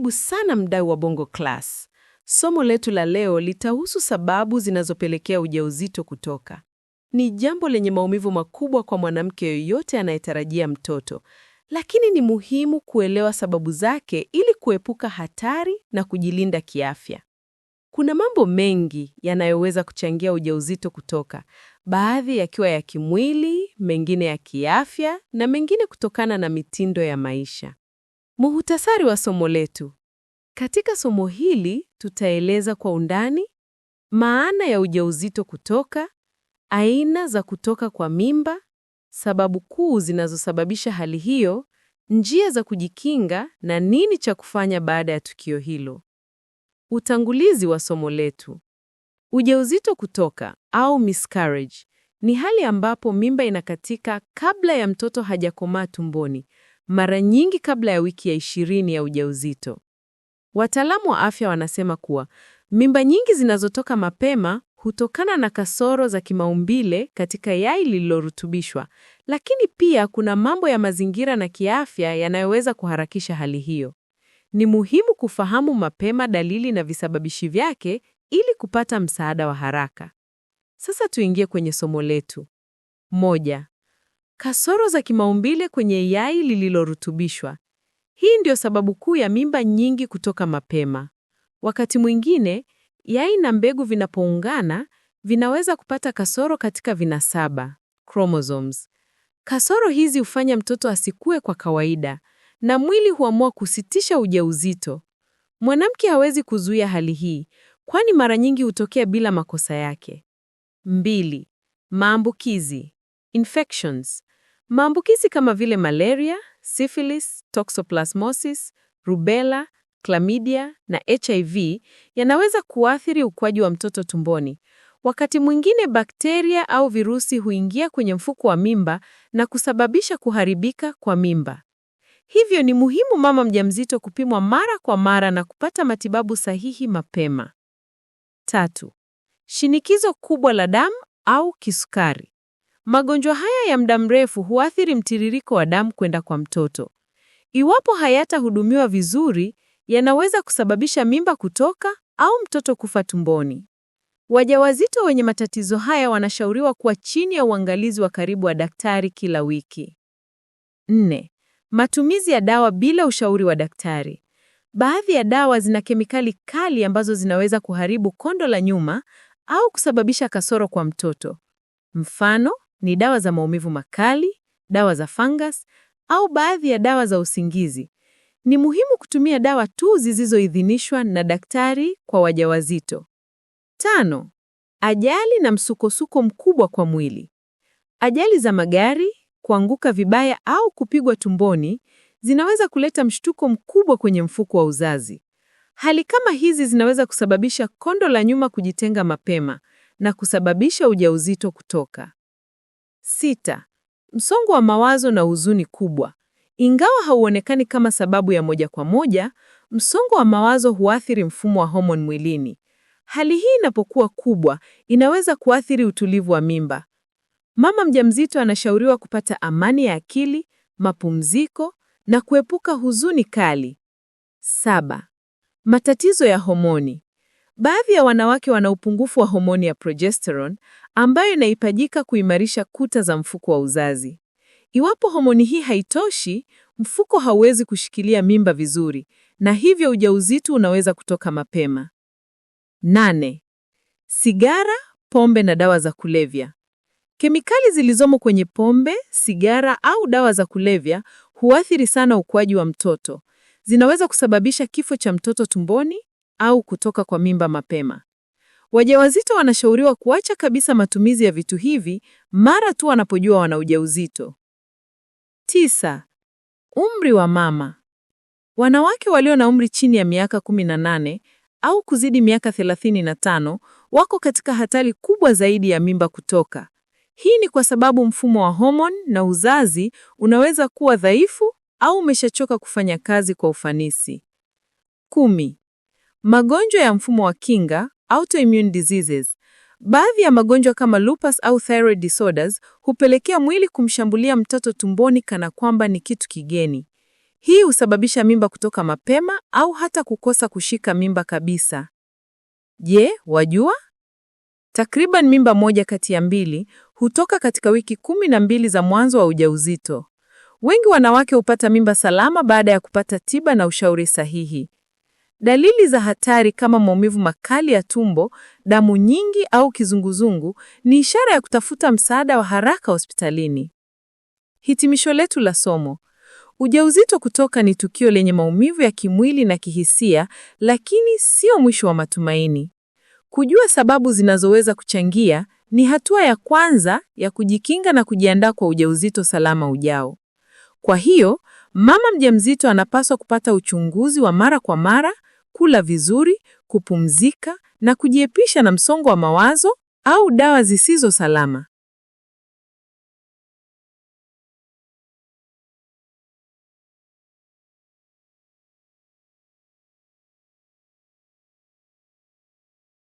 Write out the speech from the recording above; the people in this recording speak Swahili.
Karibu sana mdau wa Bongo Class. Somo letu la leo litahusu sababu zinazopelekea ujauzito kutoka. Ni jambo lenye maumivu makubwa kwa mwanamke yoyote anayetarajia mtoto, lakini ni muhimu kuelewa sababu zake ili kuepuka hatari na kujilinda kiafya. Kuna mambo mengi yanayoweza kuchangia ujauzito kutoka, baadhi yakiwa ya kimwili, mengine ya kiafya na mengine kutokana na mitindo ya maisha. Muhutasari wa somo letu. Katika somo hili tutaeleza kwa undani maana ya ujauzito kutoka, aina za kutoka kwa mimba, sababu kuu zinazosababisha hali hiyo, njia za kujikinga na nini cha kufanya baada ya tukio hilo. Utangulizi wa somo letu. Ujauzito kutoka au miscarriage ni hali ambapo mimba inakatika kabla ya mtoto hajakomaa tumboni, mara nyingi kabla ya wiki ya ishirini ya ujauzito. Wataalamu wa afya wanasema kuwa mimba nyingi zinazotoka mapema hutokana na kasoro za kimaumbile katika yai lililorutubishwa, lakini pia kuna mambo ya mazingira na kiafya yanayoweza kuharakisha hali hiyo. Ni muhimu kufahamu mapema dalili na visababishi vyake ili kupata msaada wa haraka. Sasa tuingie kwenye somo letu. Moja, kasoro za kimaumbile kwenye yai lililorutubishwa. Hii ndio sababu kuu ya mimba nyingi kutoka mapema. Wakati mwingine, yai na mbegu vinapoungana, vinaweza kupata kasoro katika vinasaba, chromosomes. Kasoro hizi hufanya mtoto asikue kwa kawaida na mwili huamua kusitisha ujauzito. Mwanamke hawezi kuzuia hali hii, kwani mara nyingi hutokea bila makosa yake. Mbili, maambukizi, infections. Maambukizi kama vile malaria, syphilis, toxoplasmosis, rubella, chlamydia na HIV yanaweza kuathiri ukuaji wa mtoto tumboni. Wakati mwingine bakteria au virusi huingia kwenye mfuko wa mimba na kusababisha kuharibika kwa mimba. Hivyo ni muhimu mama mjamzito kupimwa mara kwa mara na kupata matibabu sahihi mapema. Tatu, shinikizo kubwa la damu au kisukari. Magonjwa haya ya muda mrefu huathiri mtiririko wa damu kwenda kwa mtoto. Iwapo hayatahudumiwa vizuri, yanaweza kusababisha mimba kutoka au mtoto kufa tumboni. Wajawazito wenye matatizo haya wanashauriwa kuwa chini ya uangalizi wa karibu wa daktari kila wiki. Nne, matumizi ya dawa bila ushauri wa daktari. Baadhi ya dawa zina kemikali kali ambazo zinaweza kuharibu kondo la nyuma au kusababisha kasoro kwa mtoto. Mfano, ni dawa za maumivu makali, dawa za fungus au baadhi ya dawa za usingizi. Ni muhimu kutumia dawa tu zilizoidhinishwa na daktari kwa wajawazito. Tano, ajali na msukosuko mkubwa kwa mwili. Ajali za magari, kuanguka vibaya au kupigwa tumboni zinaweza kuleta mshtuko mkubwa kwenye mfuko wa uzazi. Hali kama hizi zinaweza kusababisha kondo la nyuma kujitenga mapema na kusababisha ujauzito kutoka. Sita, msongo wa mawazo na huzuni kubwa. Ingawa hauonekani kama sababu ya moja kwa moja, msongo wa mawazo huathiri mfumo wa homoni mwilini. Hali hii inapokuwa kubwa, inaweza kuathiri utulivu wa mimba. Mama mjamzito anashauriwa kupata amani ya akili, mapumziko na kuepuka huzuni kali. Saba, matatizo ya homoni. Baadhi ya wanawake wana upungufu wa homoni ya progesterone ambayo inahitajika kuimarisha kuta za mfuko wa uzazi. Iwapo homoni hii haitoshi, mfuko hauwezi kushikilia mimba vizuri na hivyo ujauzito unaweza kutoka mapema. Nane, sigara, pombe na dawa za kulevya. Kemikali zilizomo kwenye pombe, sigara au dawa za kulevya huathiri sana ukuaji wa mtoto. Zinaweza kusababisha kifo cha mtoto tumboni, au kutoka kwa mimba mapema. Wajawazito wanashauriwa kuacha kabisa matumizi ya vitu hivi mara tu wanapojua wana ujauzito. Tisa, umri wa mama. Wanawake walio na umri chini ya miaka 18 au kuzidi miaka 35 wako katika hatari kubwa zaidi ya mimba kutoka. Hii ni kwa sababu mfumo wa homoni na uzazi unaweza kuwa dhaifu au umeshachoka kufanya kazi kwa ufanisi. Kumi, Magonjwa ya mfumo wa kinga, autoimmune diseases. Baadhi ya magonjwa kama lupus au thyroid disorders hupelekea mwili kumshambulia mtoto tumboni kana kwamba ni kitu kigeni. Hii husababisha mimba kutoka mapema au hata kukosa kushika mimba kabisa. Je, wajua? Takriban mimba moja kati ya mbili hutoka katika wiki kumi na mbili za mwanzo wa ujauzito. Wengi wanawake hupata mimba salama baada ya kupata tiba na ushauri sahihi. Dalili za hatari kama maumivu makali ya tumbo, damu nyingi au kizunguzungu ni ishara ya kutafuta msaada wa haraka hospitalini. Hitimisho letu la somo. Ujauzito kutoka ni tukio lenye maumivu ya kimwili na kihisia, lakini sio mwisho wa matumaini. Kujua sababu zinazoweza kuchangia ni hatua ya kwanza ya kujikinga na kujiandaa kwa ujauzito salama ujao. Kwa hiyo, mama mjamzito anapaswa kupata uchunguzi wa mara kwa mara, kula vizuri, kupumzika na kujiepusha na msongo wa mawazo au dawa zisizo salama.